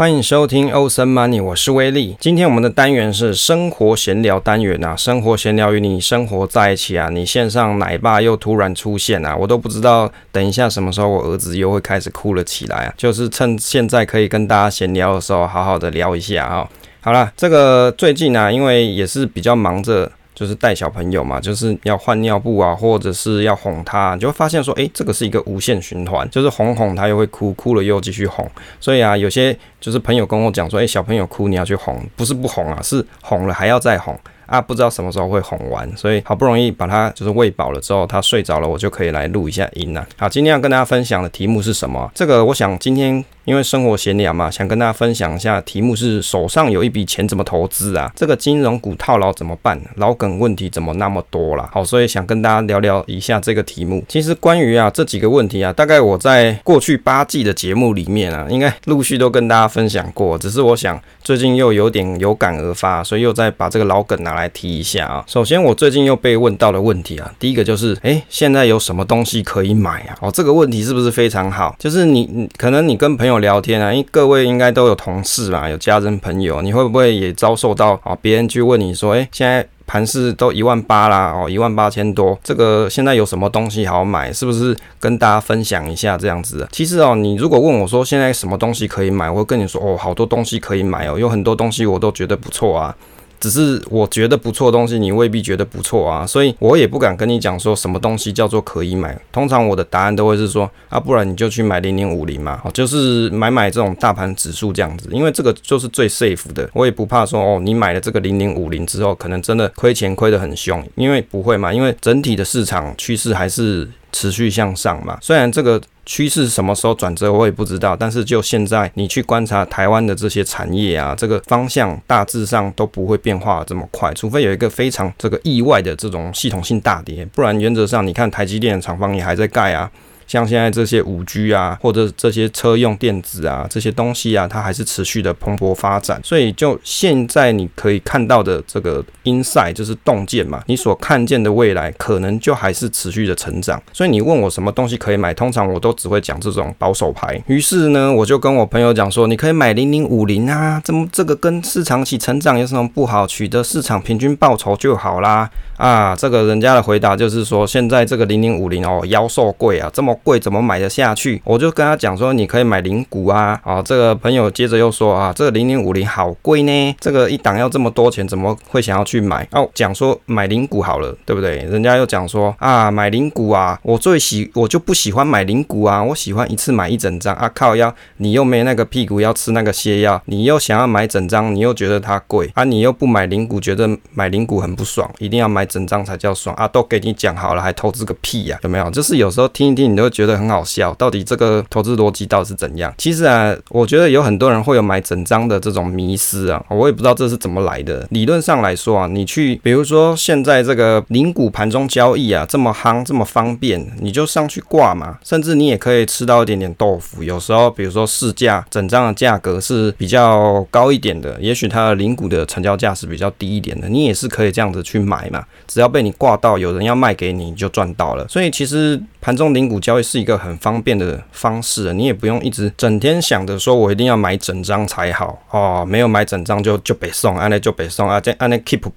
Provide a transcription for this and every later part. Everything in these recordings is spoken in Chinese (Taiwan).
歡迎收聽 Awesome Money，我是威力。今天我們的單元是生活閒聊單元啊，生活閒聊與你生活在一起啊，你線上奶爸又突然出現啊，我都不知道等一下什麼時候我兒子又會開始哭了起來啊，就是趁現在可以跟大家閒聊的時候，好好的聊一下啊、哦。好了，這個最近啊，因為也是比較忙着。就是帶小朋友嘛，就是要換尿布啊，或者是要哄他，你就會發現說，欸，這個是一個無限循環，就是哄哄他又會哭，哭了又繼續哄，所以啊，有些就是朋友跟我講說，欸，小朋友哭你要去哄，不是不哄啊，是哄了還要再哄啊，不知道什麼時候會哄完，所以好不容易把他就是餵飽了之後，他睡着了，我就可以來錄一下音了。好，今天要跟大家分享的題目是什麼？這個我想今天。因為生活閒聊嘛，想跟大家分享一下，題目是手上有一筆錢怎麼投資啊？這個金融股套牢怎麼辦？老梗問題怎麼那麼多啦、啊？好、哦，所以想跟大家聊聊一下這個題目。其實關於啊這幾個問題啊，大概我在過去八季的節目裡面啊，應該陸續都跟大家分享過。只是我想最近又有點有感而發，所以又再把這個老梗拿來提一下啊。首先，我最近又被問到的問題啊，第一個就是，哎、欸，現在有什麼東西可以買啊？哦，這個問題是不是非常好？就是你你可能你跟朋友。聊天啊，因為各位應該都有同事啦，有家人朋友，你會不會也遭受到啊？哦，別人去問你說，誒，現在盤勢都一萬八啦，哦，一萬八千多，這個現在有什麼東西好買？是不是跟大家分享一下這樣子？其實哦，你如果問我說現在什麼東西可以買，我會跟你說哦，好多東西可以買哦，有很多東西我都覺得不錯啊。只是我覺得不錯的東西，你未必覺得不錯啊，所以我也不敢跟你講說什麼東西叫做可以買。通常我的答案都會是說，啊，不然你就去買零零五零嘛，就是買買這種大盤指數這樣子，因為這個就是最 safe 的。我也不怕說，哦，你買了這個零零五零之後，可能真的虧錢虧得很凶，因為不會嘛，因為整體的市場趨勢還是持續向上嘛，雖然這個。趨勢什麼時候轉折，我也不知道。但是就現在，你去觀察台灣的這些產業啊，這個方向大致上都不會變化這麼快，除非有一個非常這個意外的這種系統性大跌，不然原則上，你看台積電廠房也還在蓋啊。像現在這些 5G 啊，或者這些車用電子啊，這些東西啊，它還是持續的蓬勃發展。所以就現在，你可以看到的這個 insight 就是洞見嘛，你所看見的未來可能就還是持續的成長。所以你問我什麼東西可以買，通常我都只會講這種保守牌。於是呢，我就跟我朋友講說，你可以買零零五零啊，怎麼這個跟市場起成長有什麼不好？取得市場平均報酬就好啦。啊，這個人家的回答就是說，現在這個零零五零哦，夭壽貴啊，這麼貴，貴怎麼買得下去？我就跟他講說，你可以買零股啊。啊、哦，這個朋友接着又說啊，這個零零五零好貴呢，這個一檔要這麼多錢，怎麼會想要去買？哦，講說買零股好了，對不對？人家又講說啊，買零股啊，我最喜我就不喜歡買零股啊，我喜歡一次買一整張啊。靠腰，要你又沒那個屁股要吃那個瀉藥，你又想要買整張，你又覺得它貴啊，你又不買零股，覺得買零股很不爽，一定要買整張才叫爽啊。都給你講好了，還投資個屁呀、啊？有沒有？就是有時候聽一聽你都。覺得很好笑，到底這個投資邏輯到底是怎樣？其實啊，我覺得有很多人會有買整張的這種迷思啊，我也不知道這是怎麼來的。理論上來說啊，你去，比如說現在這個零股盤中交易啊，這麼夯，這麼方便，你就上去掛嘛，甚至你也可以吃到一點點豆腐。有時候，比如說市價整張的價格是比較高一點的，也許它的零股的成交價是比較低一點的，你也是可以這樣子去買嘛，只要被你掛到有人要賣給你，你就賺到了。所以其實盤中零股交易。交易是一個很方便的方式，你也不用一直整天想着說我一定要買整張才好哦，沒有買整張就就不爽，啊那就不爽，啊這樣那 keep。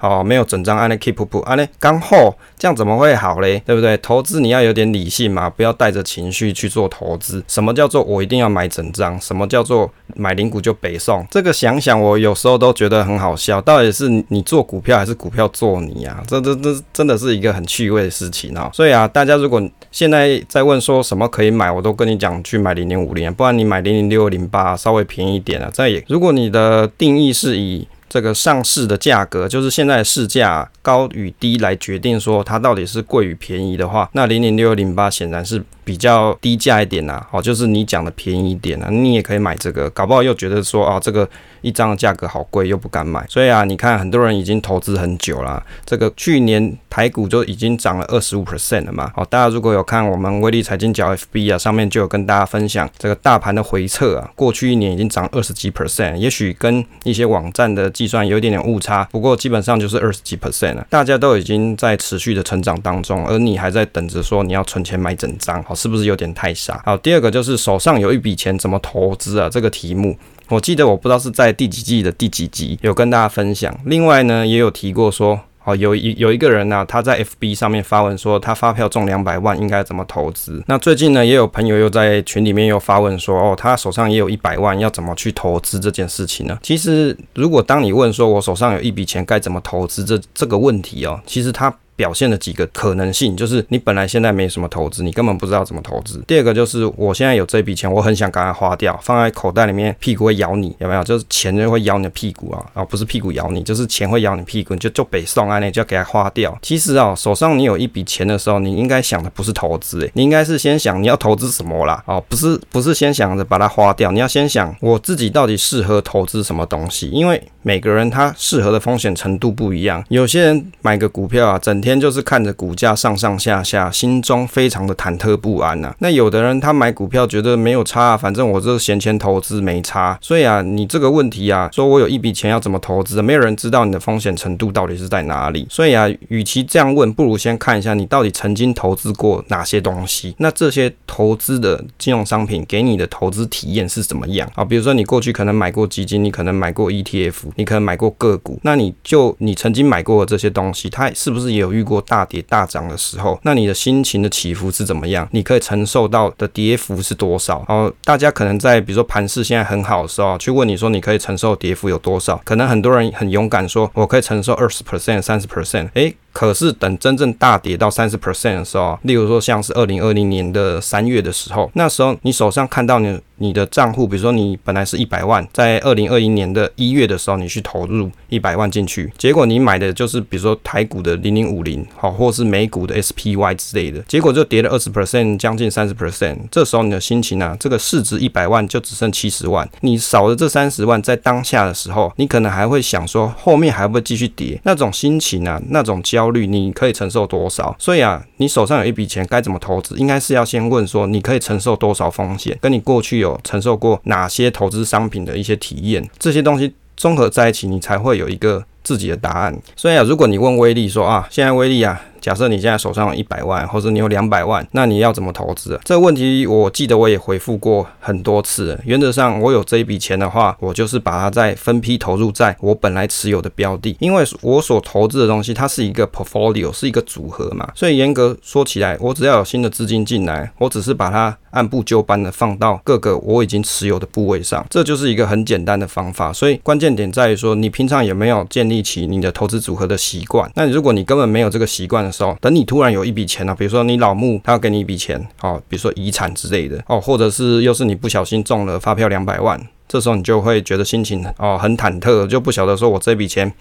哦，沒有整張，安利 keep up，安利剛好，這樣怎麼會好嘞？對不對？投資你要有點理性嘛，不要帶着情緒去做投資。什麼叫做我一定要買整張？什麼叫做買零股就北送？這個想想，我有時候都覺得很好笑。到底是你做股票還是股票做你啊？這、這、這真的是一個很趣味的事情哦、啊。所以啊，大家如果現在在問說什麼可以買，我都跟你講去買零零五零，不然你買零零六零八，稍微便宜一點啊。再也如果你的定義是以。這個上市的價格就是現在市價啊。高與低來決定說它到底是貴與便宜的話，那零零六零八顯然是比較低價一點啦、啊。哦，就是你講的便宜一點啊，你也可以買這個，搞不好又覺得說啊、哦、這個一張的價格好貴，又不敢買。所以啊，你看很多人已經投資很久啦，這個去年台股就已經漲了二十五 percent 了嘛，哦，大家如果有看我們威利財經角 FB 啊，上面就有跟大家分享這個大盤的回測啊，過去一年已經漲二十幾 percent，也許跟一些網站的計算有一點點誤差，不過基本上就是二十幾 percent。大家都已經在持續的成長當中，而你還在等着說你要存錢買整張，好，是不是有點太傻？好，第二個就是手上有一筆錢怎麼投資啊？這個題目，我記得我不知道是在第幾季的第幾集有跟大家分享，另外呢也有提過說。有一有一個人呢、啊，他在 FB 上面發問說，他發票中兩百萬應該怎麼投資？那最近呢，也有朋友又在群裡面又發問說，哦，他手上也有一百萬，要怎麼去投資這件事情呢？其實，如果當你問說，我手上有一筆錢該怎麼投資這這個問題哦，其實他。表現的幾個可能性，就是你本來現在沒什麼投資，你根本不知道怎麼投資。第二個就是，我現在有這筆錢，我很想趕快花掉，放在口袋裡面，屁股會咬你，有沒有？就是錢就會咬你的屁股啊，啊、哦，不是屁股咬你，就是錢會咬你屁股，你就就北宋啊那就要給它花掉。其實啊、哦，手上你有一筆錢的時候，你應該想的不是投資、欸，你應該是先想你要投資什麼啦，哦，不是不是先想着把它花掉，你要先想我自己到底適合投資什麼東西，因為每個人他適合的風險程度不一樣，有些人買個股票啊，整天。就是看着股價上上下下，心中非常的忐忑不安吶、啊。那有的人他買股票覺得沒有差、啊，反正我這閒錢投資沒差。所以啊，你這個問題啊，說我有一筆錢要怎麼投資？沒有人知道你的風險程度到底是在哪裡。所以啊，與其這樣問，不如先看一下你到底曾經投資過哪些東西。那這些投資的金融商品給你的投資體驗是怎麼樣啊？比如說你過去可能買過基金，你可能買過 ETF，你可能買過個股。那你就你曾經買過的這些東西，它是不是也有遇？遇過大跌大漲的時候，那你的心情的起伏是怎麼樣？你可以承受到的跌幅是多少？然後大家可能在比如說盤勢現在很好的時候去問你說，你可以承受跌幅有多少？可能很多人很勇敢說，我可以承受二十 percent、三十 percent。哎。可是等真正大跌到三十 percent 的時候，例如說像是二零二零年的三月的時候，那時候你手上看到你你的賬戶，比如說你本來是一百萬，在二零二零年的一月的時候，你去投入一百萬進去，結果你買的就是比如說台股的零零五零，好，或是美股的 SPY 之類的，結果就跌了二十 percent，將近三十 percent。這時候你的心情啊，這個市值一百萬就只剩七十萬，你少了這三十萬，在當下的時候，你可能還會想說後面還會繼續跌，那種心情啊，那種焦。焦慮，你可以承受多少？所以啊，你手上有一筆錢，該怎麼投資？應該是要先問說，你可以承受多少風險？跟你過去有承受過哪些投資商品的一些體驗，這些東西綜合在一起，你才會有一個自己的答案。所以啊，如果你問威利說啊，現在威利啊。假設你現在手上有一百萬，或者你有兩百萬，那你要怎麼投資啊？這個問題我記得我也回復過很多次了。原則上，我有這一筆錢的話，我就是把它再分批投入在我本來持有的標的，因為我所投資的東西它是一個 portfolio，是一個組合嘛。所以嚴格說起來，我只要有新的資金進來，我只是把它按部就班的放到各個我已經持有的部位上，這就是一個很簡單的方法。所以關鍵點在於說，你平常也沒有建立起你的投資組合的習慣。那如果你根本沒有這個習慣的時候，時候，等你突然有一筆錢了啊，比如說你老母他要給你一筆錢，哦，比如說遺產之類的哦，或者是又是你不小心中了發票兩百萬，這時候你就會覺得心情哦很忐忑，就不曉得說我這筆錢。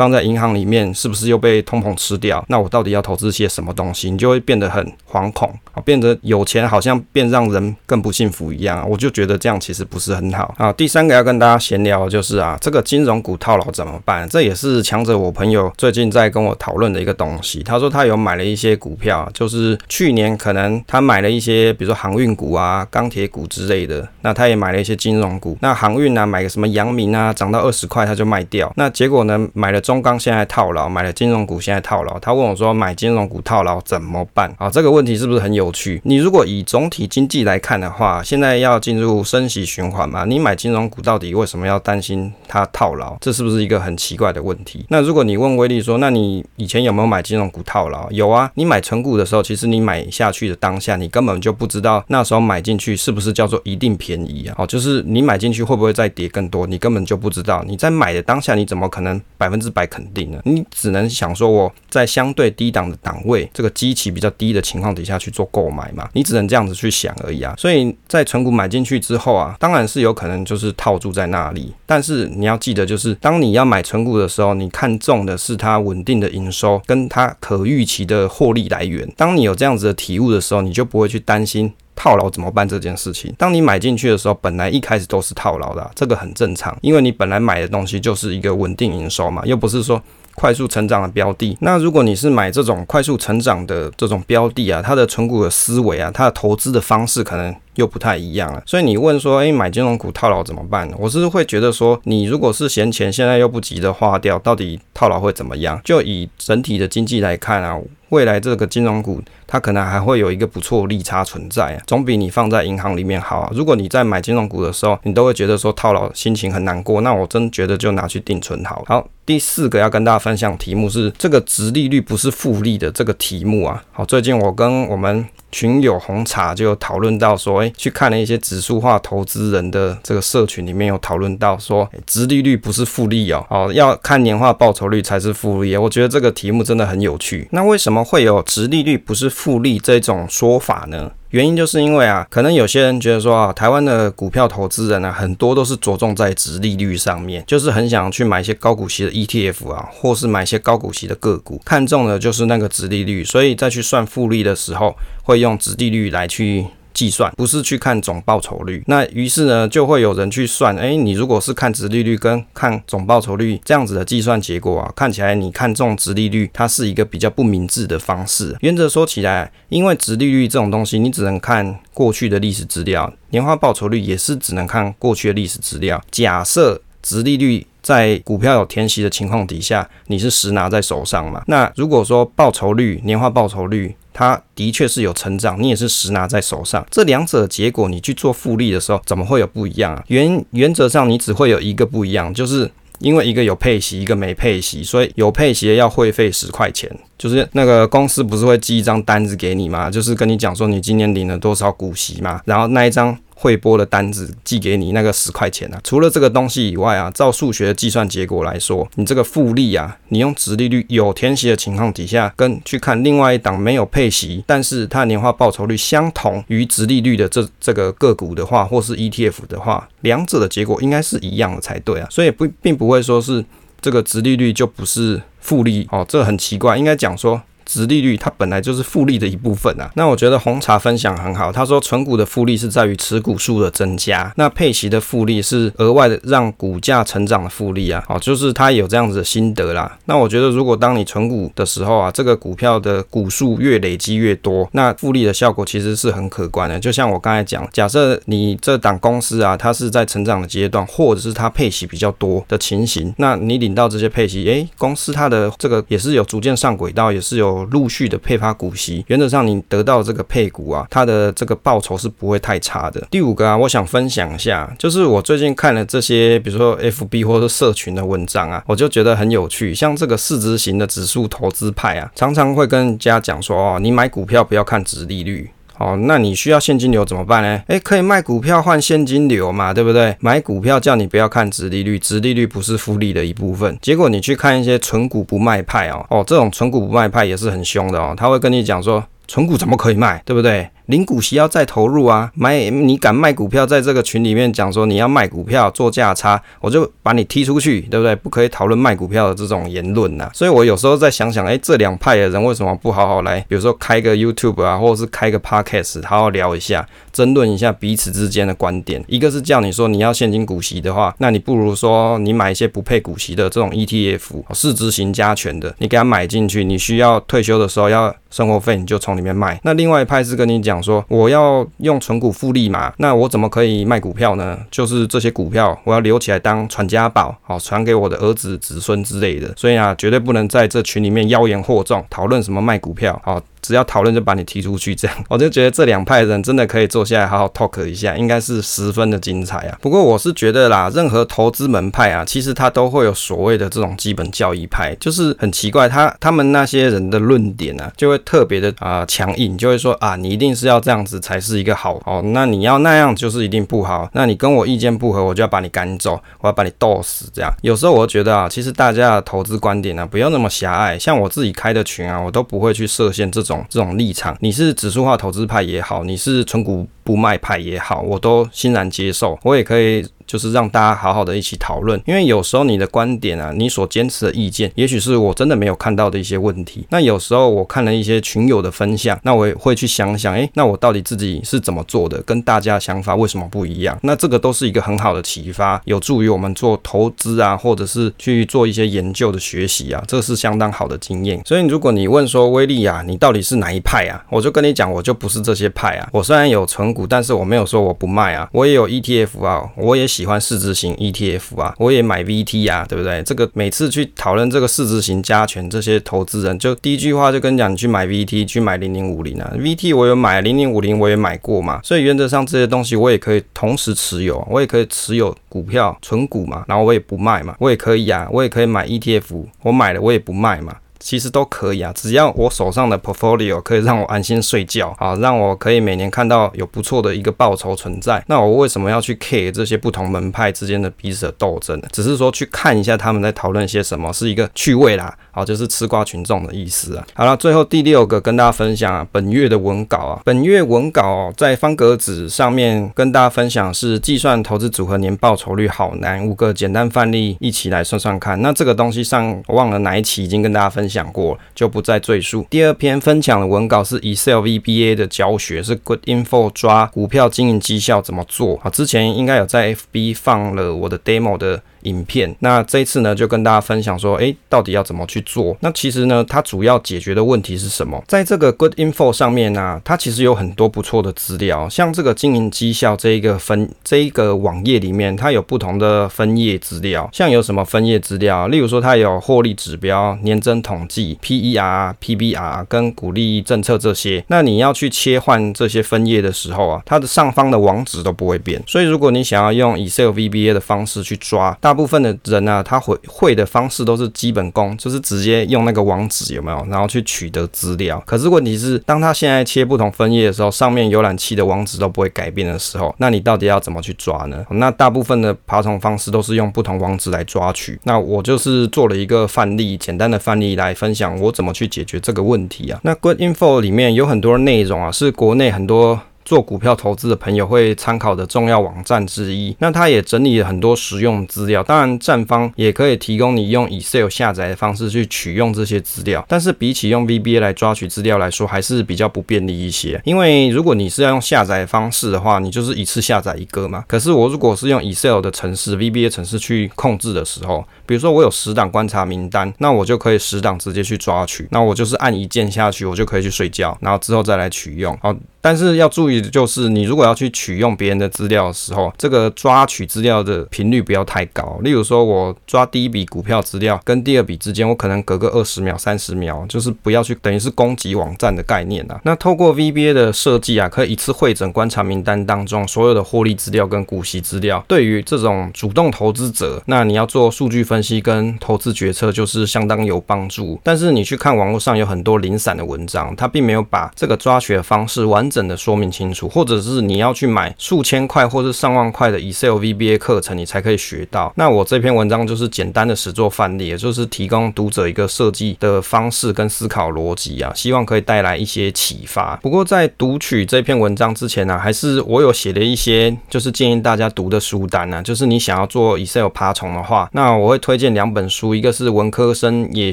放在銀行裡面，是不是又被通膨吃掉？那我到底要投資些什麼東西？你就會變得很惶恐，變得有錢好像變讓人更不幸福一樣。我就覺得這樣其實不是很好啊。第三個要跟大家閒聊的就是啊，這個金融股套牢怎麼辦？這也是強者我朋友最近在跟我討論的一個東西。他說他有買了一些股票，就是去年可能他買了一些，比如說航運股啊、鋼鐵股之類的。那他也買了一些金融股。那航運啊，買個什麼陽明啊，漲到二十塊他就賣掉。那結果呢，買了。中鋼現在套牢，買了金融股現在套牢。他問我說：“買金融股套牢怎麼辦？”啊、哦，這個問題是不是很有趣？你如果以總體經濟來看的話，現在要進入升息循環嘛？你買金融股到底為什麼要擔心它套牢？這是不是一個很奇怪的問題？那如果你問威利說：“那你以前有沒有買金融股套牢？”有啊，你買存股的時候，其實你買下去的當下，你根本就不知道那時候買進去是不是叫做一定便宜啊？哦，就是你買進去會不會再跌更多？你根本就不知道。你在買的當下，你怎麼可能百分之？白肯定的，你只能想說，我在相對低檔的檔位，這個基期比較低的情況底下去做購買嘛，你只能這樣子去想而已啊。所以，在存股買進去之後啊，當然是有可能就是套住在那裡，但是你要記得，就是當你要買存股的時候，你看重的是它穩定的營收跟它可預期的獲利來源。當你有這樣子的體悟的時候，你就不會去擔心套牢怎麼辦這件事情？當你買進去的時候，本來一開始都是套牢的啊，這個很正常，因為你本來買的東西就是一個穩定營收嘛，又不是說快速成長的標的。那如果你是買這種快速成長的這種標的啊，它的存股的思維啊，它的投資的方式可能。又不太一樣了，所以你問說，誒、欸，買金融股套牢怎麼辦？我是會覺得說，你如果是閒錢，現在又不急着花掉，到底套牢會怎麼樣？就以整體的經濟來看啊，未來這個金融股它可能還會有一個不錯利差存在啊，總比你放在銀行裡面好啊。如果你在買金融股的時候，你都會覺得說套牢心情很難過，那我真覺得就拿去定存好了。好，第四個要跟大家分享題目是這個，殖利率不是複利的這個題目啊。好，最近我跟我們。群友紅茶就討論到說，哎，去看了一些指數化投資人的這個社群裡面有討論到說，誒，殖利率不是複利哦，哦，要看年化報酬率才是複利哦。我覺得這個題目真的很有趣。那為什麼會有殖利率不是複利這種說法呢？原因就是因為啊，可能有些人覺得說啊，台灣的股票投資人呢，啊，很多都是着重在殖利率上面，就是很想去買一些高股息的 ETF 啊，或是買一些高股息的個股，看中的就是那個殖利率，所以再去算複利的時候，會用殖利率來去計算不是去看總報酬率，那於是呢就會有人去算，哎、欸，你如果是看殖利率跟看總報酬率這樣子的計算結果啊，看起來你看中殖利率，它是一個比較不明智的方式。原則說起來，因為殖利率這種東西，你只能看過去的歷史資料，年化報酬率也是只能看過去的歷史資料。假設殖利率在股票有填息的情況底下，你是實拿在手上嘛？那如果說報酬率、年化報酬率。它的確是有成長，你也是實拿在手上，這兩者的結果你去做複利的時候，怎麼會有不一樣啊？原原則上你只會有一個不一樣，就是因為一個有配息，一個沒配息，所以有配息要會費十塊錢，就是那個公司不是會寄一張單子給你嗎？就是跟你講說你今年領了多少股息嘛，然後那一張。匯波的單子寄給你那個十塊錢啊，除了這個東西以外啊，照數學的計算結果來說，你這個複利啊，你用殖利率有填息的情況底下，跟去看另外一檔沒有配息，但是它年化報酬率相同於殖利率的這這個個股的話，或是 ETF 的話，兩者的結果應該是一樣的才對啊，所以不並不會說是這個殖利率就不是複利哦，這很奇怪，應該講說。殖利率它本來就是複利的一部分啊。那我覺得紅茶分享很好。他說存股的複利是在於持股數的增加，那配息的複利是額外的，讓股價成長的複利啊。好、哦，就是他有這樣子的心得啦。那我覺得如果當你存股的時候啊，這個股票的股數越累積越多，那複利的效果其實是很可觀的。就像我剛才講，假設你這檔公司啊，它是在成長的階段，或者是它配息比較多的情形，那你領到這些配息，誒、欸，公司它的這個也是有逐漸上軌道，也是有。陸續的配發股息，原則上你得到這個配股啊，它的這個報酬是不會太差的。第五個啊，我想分享一下，就是我最近看了這些，比如說 FB 或者社群的文章啊，我就覺得很有趣。像這個市值型的指數投資派啊，常常會跟人家講說，哦，你買股票不要看殖利率。哦，那你需要現金流怎麼辦呢？誒，可以賣股票換現金流嘛，對不對？買股票叫你不要看殖利率，殖利率不是複利的一部分。結果你去看一些存股不賣派哦，哦，這種存股不賣派也是很兇的哦，他會跟你講說，存股怎麼可以賣，對不對？領股息要再投入啊，買你敢賣股票，在這個群裡面講說你要賣股票做價差，我就把你踢出去，對不對？不可以討論賣股票的這種言論吶、啊。所以我有時候在想想，哎、欸，這兩派的人為什麼不好好來，比如說開個 YouTube 啊，或者是開個 Podcast，好好聊一下，爭論一下彼此之間的觀點。一個是叫你說你要現金股息的話，那你不如說你買一些不配股息的這種 ETF，市值型加權的，你給它買進去，你需要退休的時候要生活費，你就從裡面賣。那另外一派是跟你講。說我要用存股複利嘛，那我怎麼可以賣股票呢？就是這些股票我要留起來當傳家寶，好傳給我的兒子、子孫之類的。所以啊，絕對不能在這群裡面妖言惑眾，討論什麼賣股票。好。只要討論就把你踢出去，這樣我就覺得這兩派人真的可以坐下來好好 talk 一下，應該是十分的精彩啊。不過我是覺得啦，任何投資門派啊，其實他都會有所謂的這種基本教義派，就是很奇怪，他他們那些人的論點啊，就會特別的啊強硬，就會說啊，你一定是要這樣子才是一個好哦，那你要那樣就是一定不好，那你跟我意見不合，我就要把你趕走，我要把你鬥死這樣。有時候我覺得啊，其實大家的投資觀點啊，不要那麼狹隘，像我自己開的群啊，我都不會去設限這種。這種立場，你是指數化投資派也好，你是存股不賣派也好，我都欣然接受，我也可以。就是讓大家好好的一起討論，因為有時候你的觀點啊，你所堅持的意見，也許是我真的沒有看到的一些問題。那有時候我看了一些群友的分享，那我也會去想想，誒、欸，那我到底自己是怎麼做的，跟大家想法為什麼不一樣？那這個都是一個很好的啟發，有助於我們做投資啊，或者是去做一些研究的學習啊，這是相當好的經驗。所以如果你問說威利啊，你到底是哪一派啊？我就跟你講，我就不是這些派啊。我雖然有存股，但是我沒有說我不賣啊，我也有 ETF 啊，我也喜歡市值型 ETF 啊，我也買 VT 啊，對不對？這個每次去討論這個市值型加權，這些投資人就第一句話就跟你講，你去買 VT，去買零零五零啊。VT 我有買，零零五零我也買過嘛，所以原則上這些東西我也可以同時持有，我也可以持有股票、存股嘛，然後我也不賣嘛，我也可以呀、啊，我也可以買 ETF，我買了我也不賣嘛。其實都可以啊，只要我手上的 portfolio 可以讓我安心睡覺啊，讓我可以每年看到有不錯的一個報酬存在，那我為什麼要去 care 這些不同門派之間的彼此的鬥爭呢？只是說去看一下他們在討論些什麼，是一個趣味啦，好，就是吃瓜群眾的意思啊。好了，最後第六個跟大家分享啊，本月的文稿啊，本月文稿在方格子上面跟大家分享是計算投資組合年報酬率好難，五個簡單範例一起來算算看。那這個東西上我忘了哪一期已經跟大家分享。講過就不再贅述。第二篇分享的文稿是以 Excel VBA 的教學，是 Goodinfo 抓股票經營績效怎麼做？啊，之前應該有在 FB 放了我的 Demo 的影片。那這一次呢，就跟大家分享說，誒、欸，到底要怎麼去做？那其實呢，它主要解決的問題是什麼？在這個 Goodinfo 上面呢、啊，它其實有很多不錯的資料，像這個經營績效這一個分這一個網頁裡面，它有不同的分頁資料，像有什麼分頁資料？例如說，它有獲利指標、年增同。統計 PER、P B R 跟鼓勵政策這些，那你要去切換這些分頁的時候啊，它的上方的網址都不會變。所以如果你想要用 Excel V B A 的方式去抓，大部分的人呢、啊，他會會的方式都是基本功，就是直接用那個網址有沒有，然後去取得資料。可是問題是，當他現在切不同分頁的時候，上面瀏覽器的網址都不會改變的時候，那你到底要怎麼去抓呢？那大部分的爬蟲方式都是用不同網址來抓取。那我就是做了一個範例，簡單的範例來。分享我怎麼去解決這個問題啊。那 Good Info 裡面有很多內容啊，是國內很多，做股票投資的朋友會參考的重要網站之一，那他也整理了很多實用資料。當然，站方也可以提供你用 Excel 下載的方式去取用這些資料，但是比起用 VBA 來抓取資料來說，還是比較不便利一些。因為如果你是要用下載方式的話，你就是一次下載一個嘛。可是我如果是用 Excel 的程式、VBA 程式去控制的時候，比如說我有十檔觀察名單，那我就可以十檔直接去抓取，那我就是按一鍵下去，我就可以去睡覺，然後之後再來取用。好。但是要注意的就是，你如果要去取用別人的資料的時候，這個抓取資料的頻率不要太高。例如說，我抓第一筆股票資料跟第二筆之間，我可能隔個二十秒、三十秒，就是不要去等於是攻擊網站的概念吶、啊。那透過 VBA 的設計啊，可以一次彙整，觀察名單當中所有的獲利資料跟股息資料。對於這種主動投資者，那你要做數據分析跟投資決策，就是相當有幫助。但是你去看網絡上有很多零散的文章，它並沒有把這個抓取的方式完全。整的說明清楚，或者是你要去買數千塊或是上萬塊的 Excel VBA 課程，你才可以學到。那我這篇文章就是簡單的實作範例，也就是提供讀者一個設計的方式跟思考邏輯啊，希望可以帶來一些啟發。不過在讀取這篇文章之前呢、啊，還是我有寫的一些就是建議大家讀的書單啊，就是你想要做 Excel 爬蟲的話，那我會推薦兩本書，一個是文科生也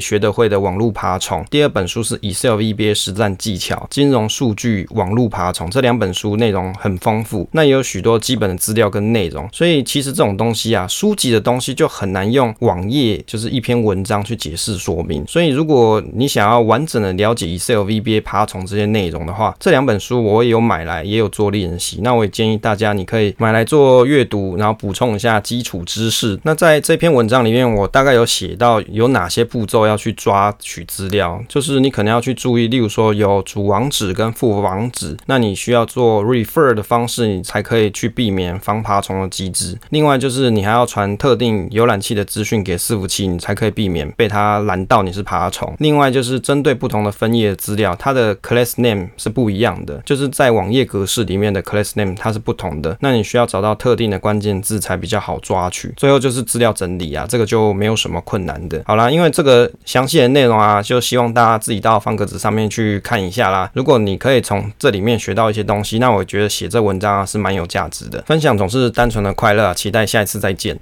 學得會的網絡爬蟲，第二本書是 Excel VBA 實戰技巧，金融數據網絡。爬蟲這兩本書內容很豐富，那也有許多基本的資料跟內容，所以其實這種東西啊，書籍的東西就很難用網頁，就是一篇文章去解釋說明。所以如果你想要完整的了解 Excel VBA 爬蟲這些內容的話，這兩本書我也有買來，也有做練習。那我也建議大家，你可以買來做閱讀，然後補充一下基礎知識。那在這篇文章裡面，我大概有寫到有哪些步驟要去抓取資料，就是你可能要去注意，例如說有主網址跟副網址。那你需要做 refer 的方式，你才可以去避免防爬蟲的機制。另外就是你還要傳特定瀏覽器的資訊給伺服器，你才可以避免被它攔到你是爬蟲。另外就是針對不同的分頁資料，它的 class name 是不一樣的，就是在網頁格式裡面的 class name 它是不同的。那你需要找到特定的關鍵字才比較好抓取。最後就是資料整理啊，這個就沒有什麼困難的。好啦，因為這個詳細的內容啊，就希望大家自己到方格子上面去看一下啦。如果你可以從這裡面。面學到一些東西，那我覺得寫這文章啊是蠻有價值的。分享總是單純的快樂，期待下一次再見。